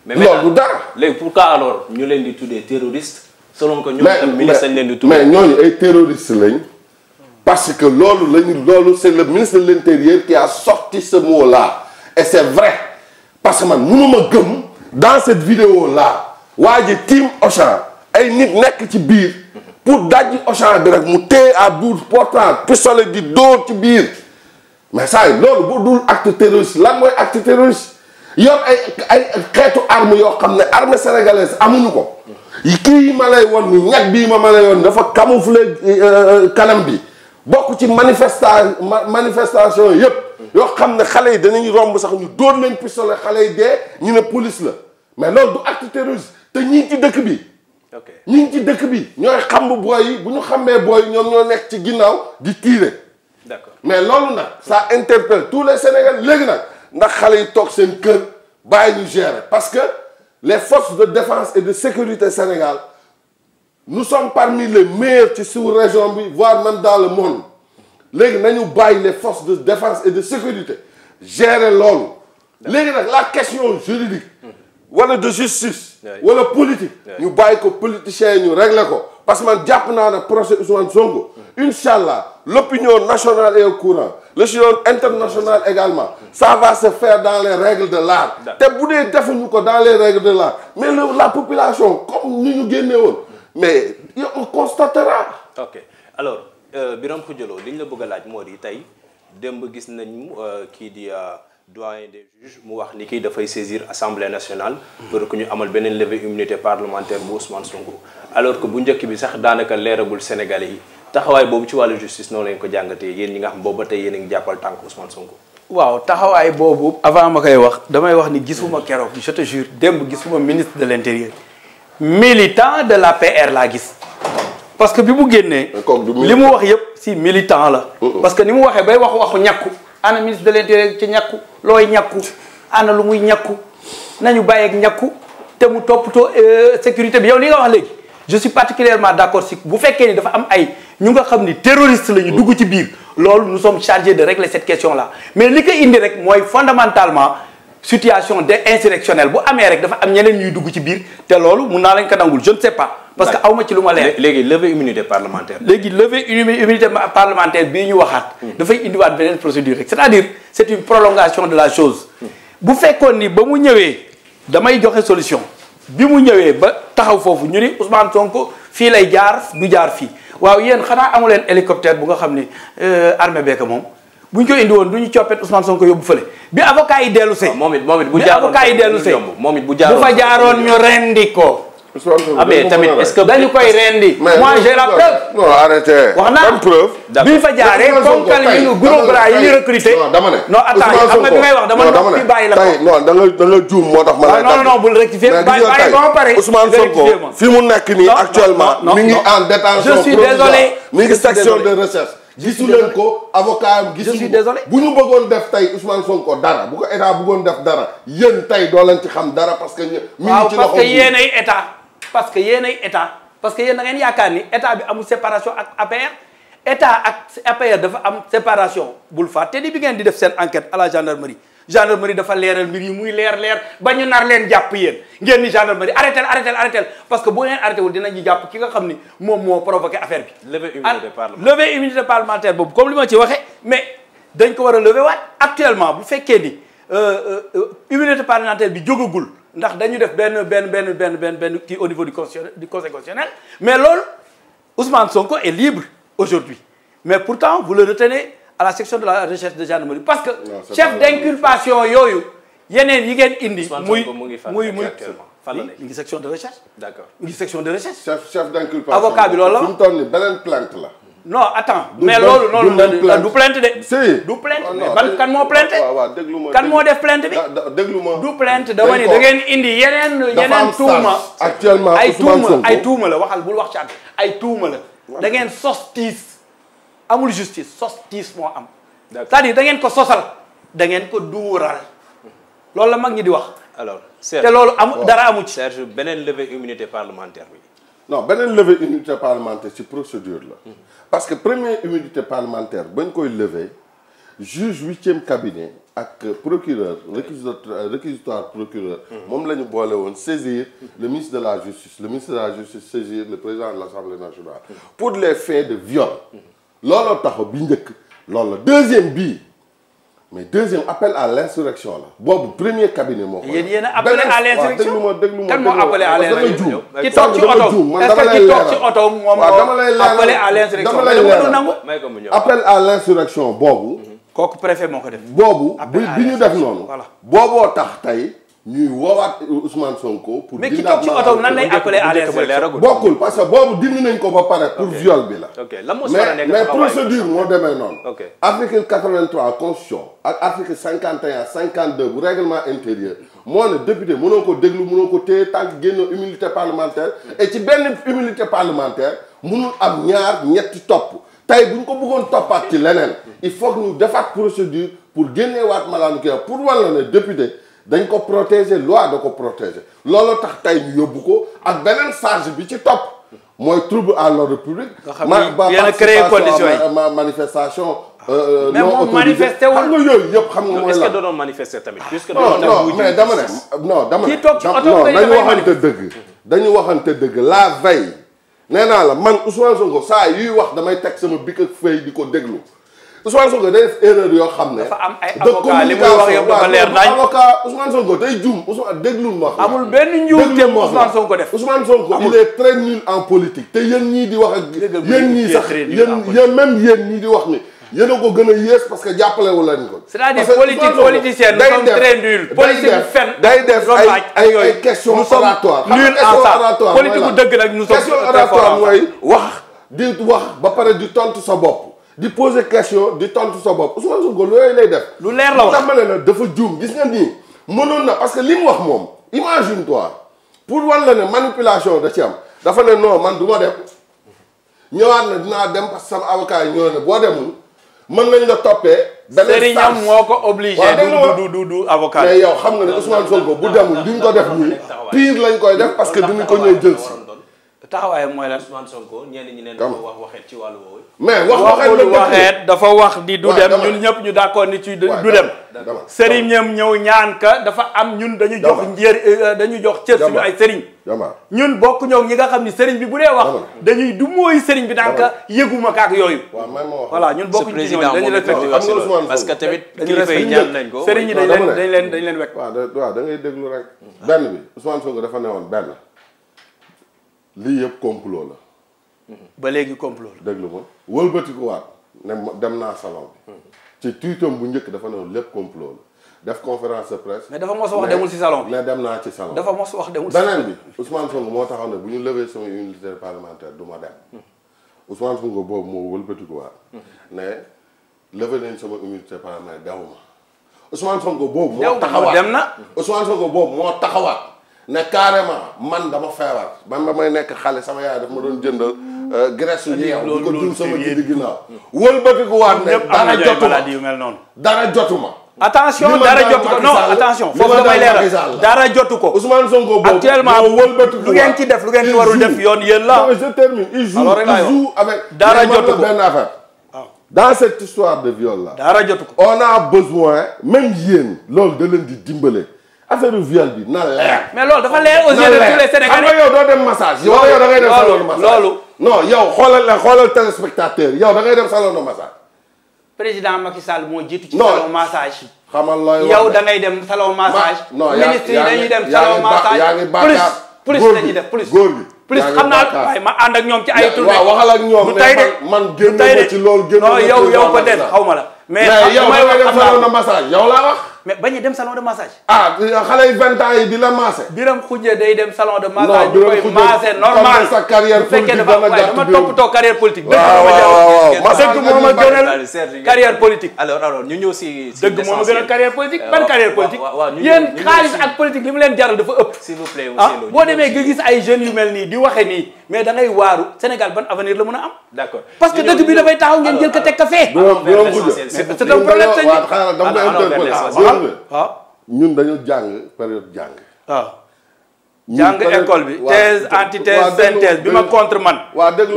mais loolu dara léegi pourquoi alors ñu leen di tuddee terroriste. selon que ñoom tam ministre lañ leen di tuddee mais ñooñu ay terroriste lañ. parce que loolu lañu loolu c' est le ministre de l' intérieur qui a sorti ce mot la et c' est vrai parce que man mënuma gëm dans cette vidéo la waa ji team Auchan ay nit nekk ci biir pour dajji Auchan bi rek mu téye à bout portant pistolet di dóor ci biir mais saa yi loolu bu dul acte terroriste lan mooy acte terroriste. yor ay ay xeetu arme yoo xam ne armée sénégalaise amuñu ko kii ma lay woon ni ñag bii ma ma lay woon dafa camoufler euh, euh, kanam bi bokk ci manifesta manifestation yëpp yoo xam ne xale yi danañu romb sax ñu dóor leen pistolet xale yi dee ñu ne police la mais loolu du acte terroriste te ñi ci dëkk bi ñi ci dëkk bi ñooy xam booy yi bu ñu xamee booy yi ñoom ñoo nekk ci ginnaaw di tiire d'accord mais loolu nag sa interpelle tous les Sénégalais léegi nag ndax xale yi toog seen kër bàyyi ñu gérer parce que les forces de défense et de sécurité Sénégal nous sommes parmi les meilleurs ci sous-région bi voire man dans le monde léegi nañu bàyyi les forces de défense et de sécurité gérer loolu léegi nag la question juridique wala de justice wala politique ñu bàyyi ko politiciens yi ñu régler ko parce que man jàpp naa ne procès Ousmane Sonko incha allah l'opinion nationale est au courant le chillon international également sa va se faire dans les règles de l'art te bu dee defuñu ko dans les règles de l'art mais la population comme ni ñu génne woon mais on constatera ok alors euh, Birame Khoudia Lo li ñu la bëgg laaj moo di tey démb gis nañu euh, kii di euh, doyen des juges mu wax ni kii dafay saisir assemblée nationale pour que ñu amal beneen levée immunité parlementaire bu Ousmane Sonko alors que bu njëkk bi sax daanaka leeragul Sénégalais yi taxawaay boobu ci wàllu justice noonu lañ ko jàngatee yéen ñi nga xam boobu ba tey yéen a ngi jàppal tànk Ousmane Sonko. waaw taxawaay boobu avant ma koy wax damay wax ni gisuma keroog je te jure démb gisuma ministre de l' intérieur militant de l'APR laa gis parce que bi mu génnee. li mu wax yëpp si militant la. parce que ni mu waxee bay wax waxu ñàkku ana de l' intérieur ci ñàkku looy ñàkku ana lu muy ñàkku nañu bàyyeeg ñàkku te mu toppatoo euh, sécurité bi yow li nga wax léegi. je suis particulièrement d'accord si bu fekkee ni dafa am ay ñu nga xam ni terroriste la ñu dugg ci biir loolu nous sommes chargés de régler cette question la mais li ko indi rek mooy fondamentalement situation de insurrectionnelle bu amee rek dafa am ñeneen ñuy dugg ci biir te loolu mun naa lañ ko nangul je ne sais pas parce que awma ci lu ma leer léegi lever immunité parlementaire léegi lever immunité parlementaire bii ñu waxaat hmm. dafay indiwaat beneen procédure rek c'est-à-dire c'est une prolongation de la chose hmm. bu fekkoon ni ba mu ñëwee damay joxe solution bi mu ñëwee ba taxaw foofu ñu ni Ousmane Sonko fii lay jaar du jaar fii waaw yéen xanaa amu leen hélicoptère bu nga xam ni euh, armée beek moom bu ñu ko indi woon du ñu coppet Ousmane Sonko yóbbu fa fële bi avocat yi dellu see. moom it moom it bu jaaroon bu fa jaaroon ñu rendi ko. ah mais tamit est-ce que dañu koy rendi. moi j'ai la preuve. non arrêtez. wax naa preuve. biñ fa jaaree ponkal yi ñu gros bras yi ñu recruté. non dama ne non attends xam nga bi may wax dama ne fi bàyyi la ko. non da da nga juum moo tax ah, bul rectifier bàyyi bàyyi ba pare. Ousmane Sonko fi mu nekk nii actuellement. mi ngi en détention provisoire mi ngi section de recherche. gisu ko avocat am bu ñu bëggoon def tey Ousmane Sonko dara bu ko état bëggoon def dara yéen tey doo ci xam dara parce que. mi parce que yéenay état parce que yéen da ngeen yaakaar ni état bi amul séparation ak APR état ak APR dafa am séparation bul fàtte ni bi ngeen di def seen enquête a la gendarmerie gendarmerie dafa leeral mbir yi muy leer leer ba ñu nar leen jàpp yéen ngeen ni gendarmerie arrêté arrêté arrêté parce que boo leen arrêté wul dinañu jàpp ki nga xam ni moom moo provoqué affaire bi. levée immunité parlementaire levée immunité parlementaire boobu comme li ma ci waxee mais dañ ko war a lever waat actuellement bu fekkee ni euh, euh, euh, immunité parlementaire bi jógagul. ndax dañu def benn benn benn benn benn benn kii au niveau du du conseil constitutionnel mais loolu Ousmane Sonko est libre aujourd'hui mais pourtant vous le retenez à la section de la recherche de gendarmerie parce que non, chef d'inculpation yooyu yeneen yi ngeen indi muy muy muy fan la ngi section de recherche d'accord ngi section de recherche chef chef d'inculpation avocat bi loolu la fu mu toll nii beneen plainte la non attends mais loolu loolu du plainte de si du plainte ban kan moo plainte kan moo def plainte bi déglu ma du plainte dama ni da ngeen indi yeneen yeneen tuuma actuellement ay tuuma ay tuuma la waxal bul wax ci ay tuuma la da ngeen sos tiis amul justice sos tiis moo am c'est-à-dire da ngeen ko sosal da ngeen ko duural loolu la mag ñi di wax alors te loolu amu dara amu ci Serge beneen levée immunité parlementaire bi non beneen levée immunité parlementaire procédure la mhm. parce que première immunité parlementaire bañ koy lever juge huitième cabinet ak procureur réquisitoire réquisitoire procureur moom la ñu boole woon saisir le ministre de la justice le ministre de la justice saisir le président de l'Assemblée nationale pour les faits de viol looloo taxaw bi njëkk loolu deuxième bii mais deuxième appel à l'insurrection la boobu premier cabinet moo. yéen yéen a appelé à l'insurrection waaw déglu ma déglu ma kan moo appelé à l'insurrection ki toog ci oto man dama lay leeral est-ce que ki toog ci oto moom moo appelé à l'insurrection dama lay leeral appel à l'insurrection boobu. kooku préfet moo ko def. boobu bi ñu def noonu. voilà booboo tax tey. ñuy woowaat Ousmane Sonko. pour mais ki toog ci oto nan à l'aide bokkul parce que boobu dindi nañ ko ba pare pour viol bi la. ok lan moo si mais mais procédure moo demee noonu. ok article 83 constitution ak article 51 52 bu règlement intérieur moo ne député mënoo ko déglu mënoo ko téye tànk génn immunité parlementaire. et ci benn immunité parlementaire mënul am ñaar ñetti topp. tey bu ñu ko bëggoon toppaat ci leneen. il faut que ñu defaat procédure pour génneewaat maanaam kii pour walla ne député. dañ ko protéger loi da ko protéger loolu tax tey ñu yóbbu ko ak beneen charge bi ci topp mooy trouble à l'ordre public ma ba a créé condition yi ma manifestation euh, mais euh, moom manifesté wul xam nga yooyu yëpp xam nga mooy lan est tamit ah, puisque non non mais dama ne non dama dañu waxante dëgg dañu waxante dëgg la veille nee la man Ousmane Sonko saa yuy wax damay teg sama bikk ak fay di ko déglu Ousmane Sonko day def erreur yoo xam ne. dafa am ay avocat li muy wax yow dafa leer nañ avocat Ousmane Sonko day juum Ousmane déglu ma wax. amul benn njuumte bu Ousmane Sonko def Ousmane Sonko il est très nul en politique. te yéen ñii di wax ak yéen ñii di wax ni. yéen a ko gën a yées parce que jàppale wu leen ko. c'est-à-dire politique politicienne nous sommes très nuls. politique fen day def ay ay ay questions oratoires. xam nga wax di wax ba pare di tontu sa bopp. di poser question di tontu sa bopp Ousmane Sonko yooyu lay def. lu leer la wax mu tàmbale la dafa juum gis nga nii mënoon na parce que li mu wax moom imagine toi pour wan la ne manipulation da ci am dafa ne non man du ma dem ñëwaat na dinaa dem parce que sama avocat yi ñëw ne boo demul mën nañ la toppee. beneen sànq sëriñam moo ko obligé. du du du avocat mais yow xam na ne Ousmane Sonko bu demul duñ ko def nii <laughs> pire lañ koy def parce que duñu ko ñëw jël si. taxawaayam mooy lan. Ousmane Sonko ñenn ñi ne dafa wax waxeet dafa wax di du dem ñun ñëpp ñu d'accord ni ci du dem. sëriñ ñam ñëw ñaan ka dafa am ñun dañu jox njéer euh, euh, dañu jox cër suñu ay sëriñ ñun bokk ñoog ñi nga xam ni sëriñ bi bu dee wax dañuy du mooy sëriñ bi daan ka yëguma kaak yooyu voilà ñun bokk ñi dañu respecté parce que tamit kilifa yi ñaan nañ ko sëriñ yi dañ leen leen dañ leen wekk waaw da ngay déglu rek benn bi Ousmane Sonko dafa woon benn lii yëpp complot la. ba léegi complot la. déglu ma wëlbati ko waat dem naa salon bi. Hmm. ci tuitam bu njëkk dafa ne lépp complot la def conférence de presse. mais dafa mos wax demul ci salon bi mais dem naa ci salon dafa mos wax demul ci beneen bi Ousmane Sonko moo taxaw ne bu ñu levee sama immunité parlementaire du ma dem. Hmm. Ousmane ko boobu moo wëlbati ko waat. Hmm. ne levé nañ sama immunité parlementaire dawuma Ousmane Sonko boobu. moo taxawaat dem na boobu moo taxawaat. ne carrément man dama feebar man ba may nekk xale sama yaay daf ma doon jëndal. Euh, graisse yu yeew di ko dul sama ji di ginnaaw. wëlbati ko waat ne dara jotuma dara jotuma. attention dara jotu ko non attention foofu damay leeral dara jotu actuellement def lu ngeen ci warul def yoon yéen la. non dara jotu ah. dans cette histoire de viol la dara jotu ko on a besoin même yéen loolu da leen di dimbale. affaire viol bi na leer. Eh, mais loolu dafa leer aux yeux de tous les Sénégalais xam nga yow doo dem massage. yow yow da ngay dem salon de massage loolu non yow xoolal la xoolal téléspectateur yow da ngay dem salon de massage. président Macky Sall moo jiitu. ci salon massage. xamal looy yow da ngay dem salon massage. non yaa ministre yi dañuy dem salon massage. yaa ngi bàkkaar plus plus dañuy def plus. góor gi plus xam naa waaye ma ànd ak ñoom ci ay tournée. waaw waxal ak ñoom ne man génn ma ci loolu. génn ma ci loolu yow yow peut-être xaw ma la. mais yow da ngay dem salon de massage yow laa wax mais bañ a dem salon de massage. ah xale yi vingt ans yi di la massé. Biram Khoudia day dem salon de massage. non Biram Khoudia normal sa carrière politique dama gàtt dama toppatoo carrière politique. dëgg moo ma gënal carrière politique. alors alors ñu ñëw si. dëgg moo ma gënal carrière politique ban carrière politique. yéen xaalis ak politique li mu leen jaral dafa ëpp. s'il vous plaît ah, boo demee nga gis ay jeunes yu mel nii di waxe nii mais da ngay waaru Sénégal ban avenir la mën a am. d'accord parce que dëgg bi dafay taxaw ngeen jël ko teg ka fee. c'est un problème xam nga waaw ñun dañoo jàng période jàng. waaw ah. jàng école bi. thèse antithèse synthèse bi ma contre man.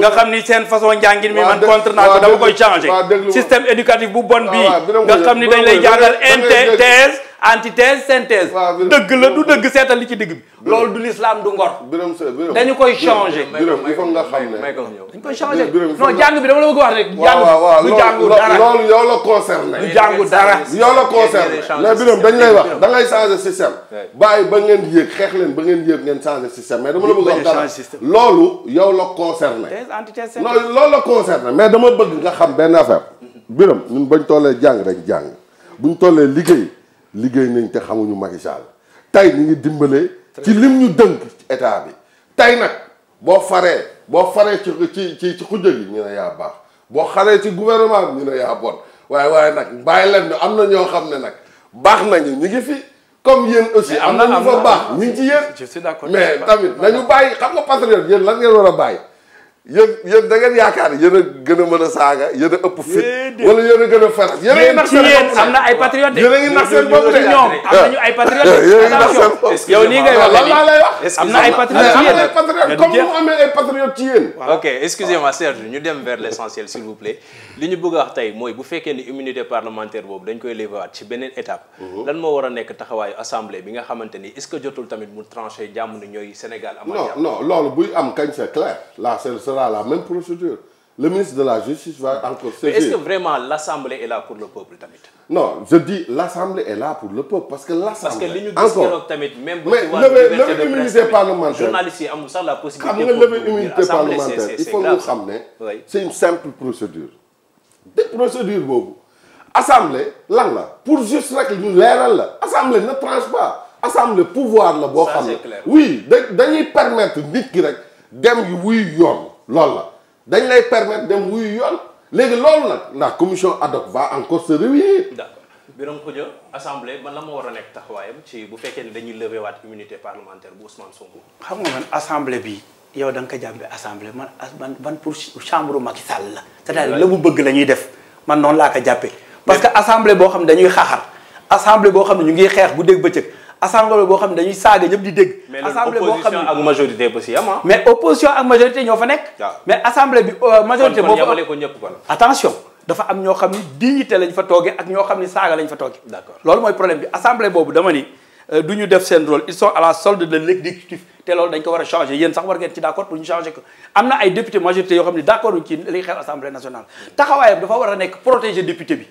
nga xam ni seen façon njàngin mi man contre naa ko dama koy changé. système éducatif bu bon ah, bii. nga xam ni dañ lay jàngal inter thèse antithèse synthèse. dëgg la du dëgg seetal li ci digg bi. loolu du l'islam du ngor. dañu koy changé. il faut nga xam ne dañu koy changé non jàng bi dama la bëgg wax rek. waaw du jàngu dara la concerné. du jàngu dara. yow la concerné mais dañ lay wax da ngay changé système. bàyyi ba ngeen yéeg xeex leen ba ngeen yéeg ngeen changé système mais dama la bëgg wax dara loolu yow la concerné. loolu la concerné mais dama bëgg nga xam benn affaire. Birame ñun bañ tollee jàng rek jàng buñ tolee liggéey liggéey nañ te xamuñu Macky Sall tey ñu ngi dimbale ci lim ñu dënk ci bi tey nag boo faree boo faree ci ci ci ci xujja gi ñu ne yaa baax boo xaree ci gouvernement bi ñu ne yaa bon waaye waaye nag bàyyi leen ñu am na ñoo xam ne nag baax nañu ñu ngi fi comme yéen aussi am na ñu fa baax ñu ngi ci yéen mais tamit na ñu bàyyi xam nga patriote yéen lan ngeen war a bàyyi yéen yéen da ngeen yaakaar yéen a gën a mën a saaga yéen a ëpp fit wala yéen a gën a farax yéen a ci yéen am na ay patriote de yéen a ngi nax seen bopp de ñoom am nañu ay patriote yéen a ngi nax seen bopp yow nii ngay wax lan lay wax am na ay patriote am na ay patriote comme mu amee ay patriote ci yéen ok excusez-moi Serge ñu dem vers l'essentiel s'il vous plaît li ñu bëgg a wax tey mooy bu fekkee ni immunité parlementaire boobu dañ koy levewaat ci beneen étape mhm. lan moo war a nekk taxawaayu assemblée bi nga xamante ni est-ce que jotul tamit mu tranché jàmm ni ñooy Sénégal am non non loolu buy am kañ c'est clair la sera la même procédure le ministre de la justice va encore vraiment l'assemblée est là pour le peuple pour le peuple parce que. l'assemblée parce que li ñu gis keroog tamit la possibilité. xam nga levée immunité parlementaire il faut ñu boobu. assemblée lan la pour juste rek ñu leeral la assemblée ne tranche pas assemblée pouvoir la boo. xam ne oui dañuy permettre nit ki rek dem yu wuy yoon. loolu la dañ lay permettre dem wuyu yoon léegi loolu nag ndax commission ad hoc en encore se réunir. d' accord Birame Khoudia assemblée man a nekk taxawaayam ci bu fekkee ne dañuy lever waat immunité bu Ousmane Sonko. xam nga man assemblée bi yow danga ko jàppee assemblée man man man pour chambre Macky Sall la. c'est-à-dire la mu bëgg la ñuy def man noonu laa ko jàppee. parce que assemblée boo xam ne dañuy xaaxar assemblée boo xam ne ñu ngi xeex bu dégg bëccëg. assemblée boo xam ne dañuy saaga ñëpp di dégg. assemblée boo xam ne mais opposition ak majorité am ñoo fa nekk. mais assemblée bi euh, majorité. boo am ñoo xam ni dignité lañ fa toogee ak ñoo xam ni saaga lañ fa toogee. d'accord loolu mooy problème bi assemblée boobu dama ni euh, du ñu def seen rôle ils sont à la solde de l'exécutif te loolu dañ ko war a changer yéen sax war ngeen ci d'accord pour ñu changer ko am na ay député majorité yoo xam ne d'accord ci li xew assemblée nationale taxawaayam dafa war a nekk protéger député bi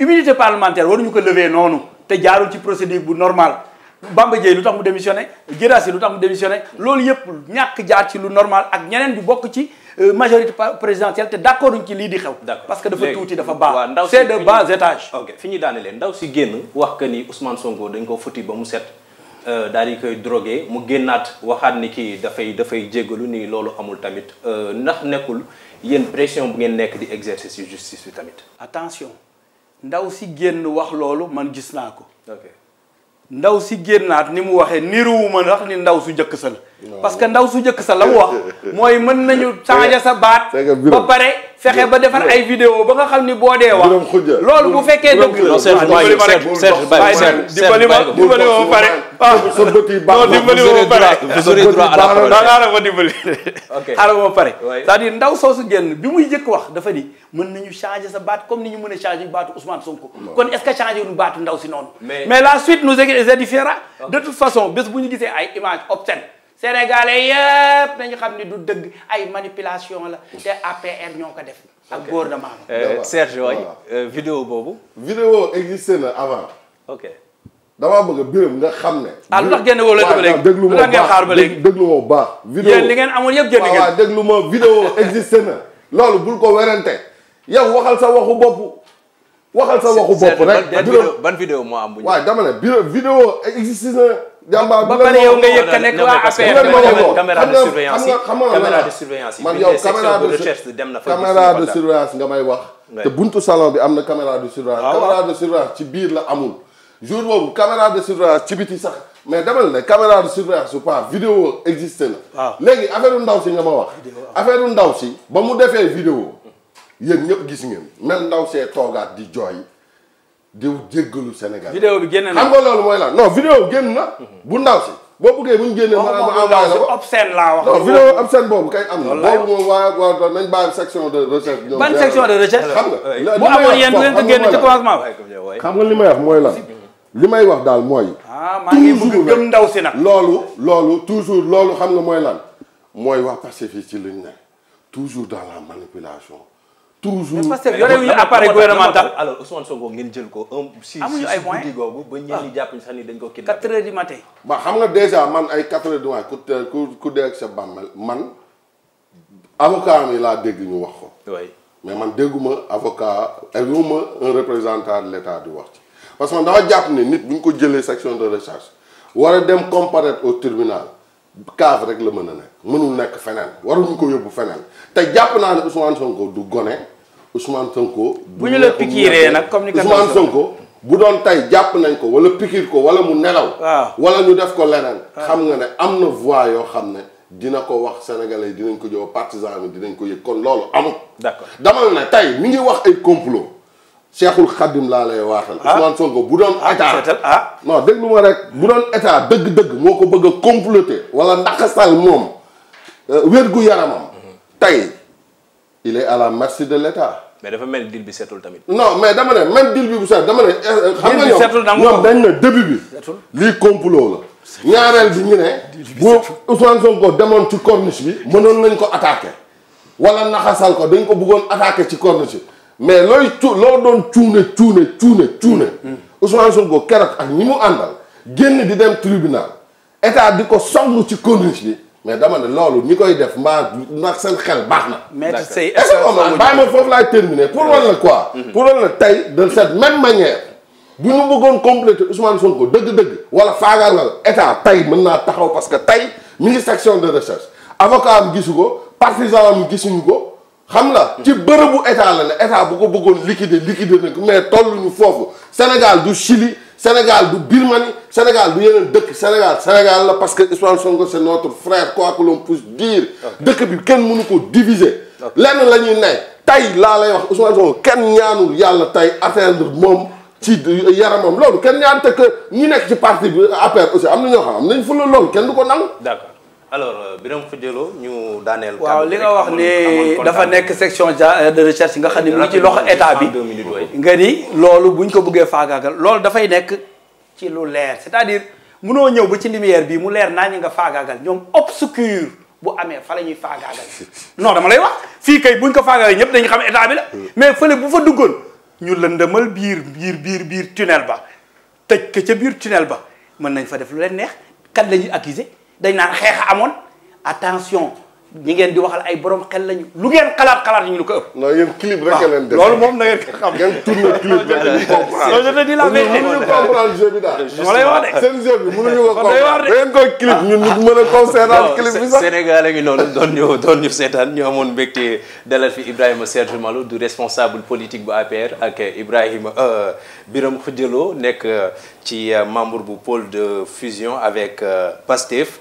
immunité parlementaire waruñu ko lever noonu te jaarul ci procédure bu normal Bamba Dieye lu tax mu démissionné Guirassy lu tax mu démissionné loolu yëpp ñàkk jaar ci lu normal ak ñeneen bi bokk ci euh, majorité présidentielle te d'accord uñ ci lii di xew parce que dafa tuuti dafa baax ndaw c'est de bas étage ok fi ñu daane leen ndaw si génn wax que ni Ousmane Sonko dañ ko futti ba mu set euh, daal di koy drogué mu génnaat waxaat ni kii dafay dafay jéggalu nii loolu amul tamit euh, ndax nekkul yéen pression bu ngeen nekk di exercice justice bi tamit attention ndaw si génn wax loolu man gis naa ko. ndaw si génnaat ni mu waxee niruwuma nax ni ndaw su jëkk sa la parce que ndaw su njëkk sa la mu wax mooy mën nañu changer sa baat ba pare fexe ba defar ay vidéo ba nga xam ni boo dee wax loolu bu fekkee dëgg dimbali ma ndaw soosu génn bi muy njëkk wax dafa ni mën nañu changer sa baat comme ni ñu mën a changer baatu Ousmane Sonko kon est-ce ndaw si noonu mais la suite nous édifiera de toute façon bés bu ñu gisee ay image obscène sénégalais yëpp nañu xam ni du dëgg ay manipulation la te APR ñoo ko def ak gouvernement euh, bi Serge waay euh, vidéo boobu vidéo existé na avant ok damaa bëgg biram nga xam ne ah lu tax génn woo la ba léegi déglu ma ngeen xaar ba léegi déglu ma li ngeen amoon yëpp génn ngeen waaw déglu ma na loolu bul ko werante yow waxal sa waxu bopp waxal sa waxu bopp rek ban vidéo moo am bu ñu waaw dama ne biram vidéo existé na jàmbaar ba pare yow nga yëg ka nekk waa affaire caméra de surveillance dem na fa caméra nga may wax te buntu salon bi am na caméra de surveillance ah, caméra de surveillance ci biir la amul jour boobu caméra de surveillance ci biti sax mais demal ne caméra de surveillance ou pas vidéo existe na ah. léegi affaire ndaw si nga ma wax ah. affaire ndaw si ba mu defee vidéo yéen ñëpp gis ngeen mel ndaw see toogaat di jooy di jéggalu Sénégal. vidéo bi génn na xam nga loolu mooy lan non vidéo génn na. bu ndaw si boo buggee bu ñu génnee. la ko obscène laa wax. non vidéo obscène boobu kay am na. wallaay boobu moom waa waa nañ bàyyi section de recherche. ñoom ban section de recherche. xam nga bu amoon yéen du ngeen ko génne ci commencement xam li may wax mooy lan. li may wax daal mooy. ah maa ngi bëgg gëm ndaw si nag. loolu loolu toujours loolu xam nga mooy lan mooy wax pacifique ci luñ ne toujours dans la manipulation toujours mais parce que yore yu appareil gouvernemental alors Ousmane Sonko ngeen jël ko un si amuñu ay moyens guddi googu ba ñenn ñi ah. jàpp sax ni dañ ko man ay quatre heures du matin ku ku ku dee ak sa man avocat dégg ñu wax ko mais man dégguma avocat dégguma un représentant de l'état di wax ci parce que man dama jàpp ne nit bu ñu ko jëlee section de recherche war a dem comparaître au tribunal cave rek la mën na ne mënul nekk feneen war waruñu ko yóbbu feneen te jàpp naa ne Ousmane Sonko du gone Ousmane Sonko. bu ñu la pikiiree nag comme ni ko Ousmane Sonko bu doon tey jàpp nañ ko wala pikiir ko wala mu nelaw. wala ñu def ko leneen. Ah. xam nga ne am na voix yoo xam ne dina ko wax sénégalais dinañ ko jox partisan bi dinañ ko yëg kon loolu amul. d'accord dama ne tey mi ngi wax ay complot. Cheikhul Khadim laa lay waatal. Ah. Ousmane Sonko bu doon ah, état noo non lu ma rek bu doon état dëgg-dëgg moo ko bëgg a comploter wala ndaxasal moom. Euh, wérgu yaramam. tey il est à la merci de l'État. mais dafa mel dil bi setul tamit. non mais dama ne même dil bi bu set dama ne. Euh, euh, xam nga ñoom ñoom dañ ne début bi. lii complot la. ñaareel bi ñu ne. bu Ousmane Sonko demoon ci corniche bi. mënoon nañ ko attaquer. wala naxasal ko dañ ko bëggoon attaquer ci corniche bi mais looy cu loo doon cuune cuune cuune cuune. Mm-hmm. Ousmane Sonko keroog ak ñi mu àndal génn di dem tribunal état di ko songlu ci corniche bi. mais dama ne loolu ñi koy def mbaa ndax seen xel baax na. maître Seye est-ce que bàyyi ma foofu laay terminer pour wala quoi. Mm-hmm. pour wala tey de cette même manière. bu ñu bëggoon compléter Ousmane Sonko dëgg-dëgg. wala faagaagal état tey mën naa taxaw parce que tey mi ngi section de recherche avocat gisu ko partisan am gisuñu ko. xam la ci bërëbu état la ne état bu ko bëggoon liquider liquider nañ ko mais tolluñu foofu Sénégal du Chili. Sénégal du Birmanie Sénégal du yeneen dëkk Sénégal Sénégal la parce que Ousmane Sonko c'est notre frère quoi que l'on puisse dëkk bi kenn munu ko diviser. lenn la ñuy ne tey laa lay wax Ousmane Sonko kenn ñaanu yàlla tey atteindre moom ci yaramam loolu kenn ñaan te que nekk ci parti bi APR aussi am na ñoo xam am nañ fu la loolu kenn du ko nangu. d'accord. alors euh, Birame Khoudia Lo ñu daaneel. waaw li nga wax ne dafa nekk section euh, de recherche nga xam ne mu ci loxo état bi nga ni loolu buñ ko bëggee faagaagal loolu dafay nekk ci lu leer c'est-à-dire munoo ñëw ba ci lumière bii mu leer naa ñu nga faagaagal ñoom obscur bu amee fa la ñuy faagaagal <laughs> non dama lay wax fii kay buñ ko faagaagal ñëpp dañu xam état bi la. Hmm. mais fële bu fa duggoon ñu lëndëmal biir biir biir biir tunnel ba tëj ko ca biir tunnel ba mën nañ fa def lu leen neex kan la ñuy dañ naan xeex amoon attention ñi ngeen di waxal ay borom xel lañu lu ngeen xalaat xalaat ñu lu ko ëpp. non yéen clip rek ngeen leen def loolu moom na ngeen xam. ngeen tourné clip rek ñu <laughs> comprendre. je te dis la vérité mënuñu comprendre jeu bi daal. ma lay wax de seen jeu bi mënuñu ko comprendre da ngeen koy clip ñun ñu mën a concerner clip bi sax. Sénégal a ngi noonu doon ñu doon ñu seetaan ñu amoon mbégte dalal fi Ibrahima Serge Malo du responsable politique bu APR ak Ibrahima euh, Birame Khoudialo nekk euh, ci euh, membre bu pôle de fusion avec Pastef.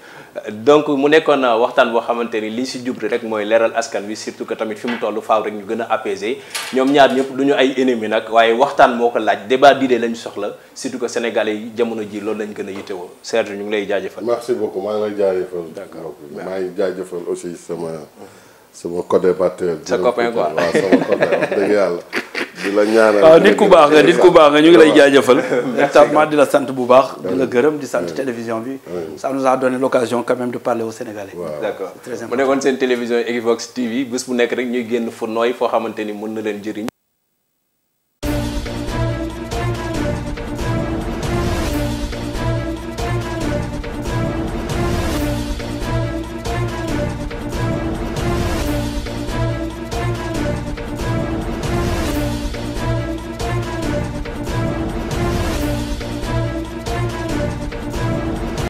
donc mu nekkoon euh, waxtaan boo xamante ni li si jublu rek mooy leeral askan wi surtout que tamit fi mu toll faaw rek ñu gën a apaiser ñoom ñaar ñëpp du ñu ay ennemis nag waaye waxtaan moo ko laaj débat d'idées lañ soxla surtout que sénégalais yi jamono ji loolu lañ gën a yittewoo Serge ñu ngi lay jaajëfal. merci beaucoup maa ngi lay jaajëfal. d'accord maa ngi jaajëfal aussi sama sama co-débatteur. sa copain quoi waaw sama copain wax dëgg yàlla. <laughs> di la ñaanal waaw nit ku baax nga nit ku baax nga ñu ngi lay jaajëfal véritablement di la sant bu baax di la gërëm di sant télévision bi ça nous a donné l'occasion quand même de parler aux Sénégalais d'accord mu nekkoon seen télévision Equivox TV bu nekk rek ñuy génn fu foo xamante ni mën na leen jëriñ